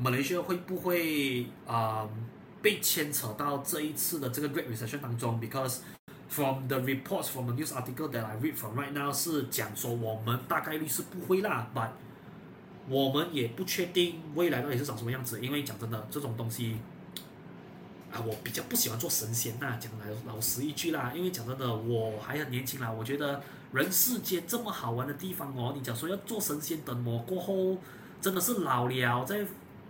馬來西亞會不會啊、呃、被牽扯到這一次的這個 Great Recession 當中？Because from the reports from the news article that I read from right now 是講說我們大概率是不會啦，but 我們也不確定未來到底是長什麼樣子。因為講真的，這種東西啊，我比較不喜歡做神仙啦，講來老實一句啦。因為講真的，我還很年輕啦，我覺得人世間這麼好玩的地方哦，你講說要做神仙等我過後，真的是老了在。